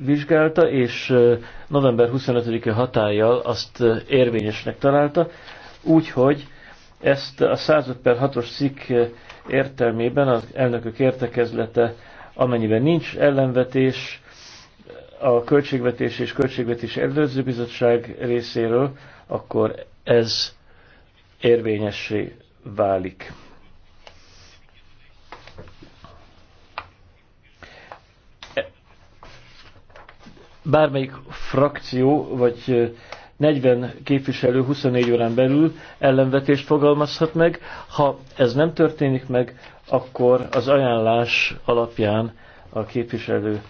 megvizsgálta, és november 25-e hatállyal azt érvényesnek találta, úgyhogy ezt a 105 per 6-os cikk értelmében az elnökök értekezlete, amennyiben nincs ellenvetés, a Költségvetés és Költségvetés előző Bizottság részéről, akkor ez érvényessé válik. bármelyik frakció vagy 40 képviselő 24 órán belül ellenvetést fogalmazhat meg. Ha ez nem történik meg, akkor az ajánlás alapján a képviselő